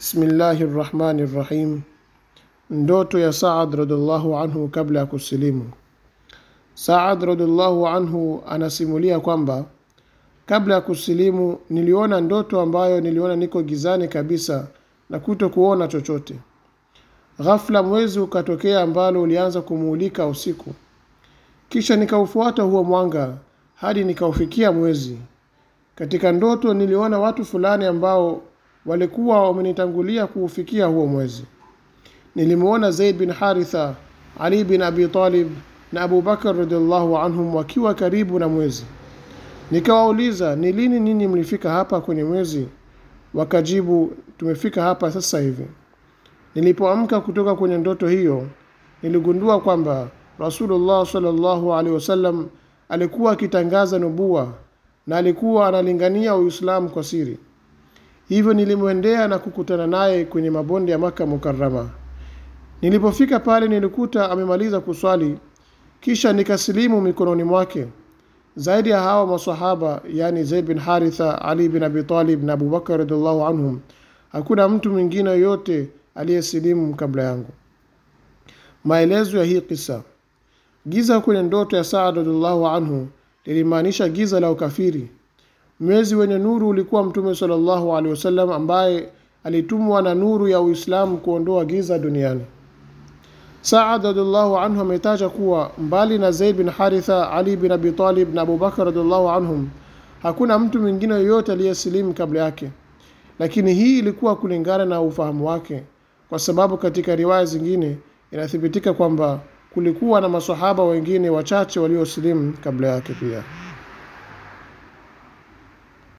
Bismillahi rahmani rahim Ndoto ya Saad radhiallahu anhu kabla ya kusilimu. Saad radhiallahu anhu anasimulia kwamba kabla ya kusilimu, niliona ndoto ambayo niliona niko gizani kabisa na kuto kuona chochote. Ghafla mwezi ukatokea, ambalo ulianza kumuulika usiku, kisha nikaufuata huo mwanga hadi nikaufikia mwezi. Katika ndoto niliona watu fulani ambao walikuwa wamenitangulia kuufikia huo mwezi nilimuona Zaid bin Haritha Ali bin Abi Talib na Abu Bakar radhiallahu anhum wakiwa karibu na mwezi nikawauliza ni lini ninyi mlifika hapa kwenye mwezi wakajibu tumefika hapa sasa hivi nilipoamka kutoka kwenye ndoto hiyo niligundua kwamba rasulullah salllahu alehi wasallam alikuwa akitangaza nubua na alikuwa analingania uislamu kwa siri Hivyo nilimwendea na kukutana naye kwenye mabonde ya Maka mukarama Nilipofika pale nilikuta amemaliza kuswali, kisha nikasilimu mikononi mwake. Zaidi ya hawa masahaba, yani Zaid bin Haritha, Ali bin Abi Talib na Abubakar radhiallahu anhum, hakuna mtu mwingine yoyote aliyesilimu kabla yangu. Maelezo ya hii kisa. Giza kwenye ndoto ya Saad radhiallahu anhu lilimaanisha giza la ukafiri Mwezi wenye nuru ulikuwa Mtume sallallahu alaihi wasallam ambaye alitumwa na nuru ya Uislamu kuondoa giza duniani. Saad radhiallahu anhu ametaja kuwa mbali na Zaid bin Haritha, Ali bin Abi Talib na abubakar Bakar radhiallahu anhum, hakuna mtu mwingine yoyote aliyesilimu kabla yake. Lakini hii ilikuwa kulingana na ufahamu wake, kwa sababu katika riwaya zingine inathibitika kwamba kulikuwa na masahaba wengine wachache waliosilimu kabla yake pia.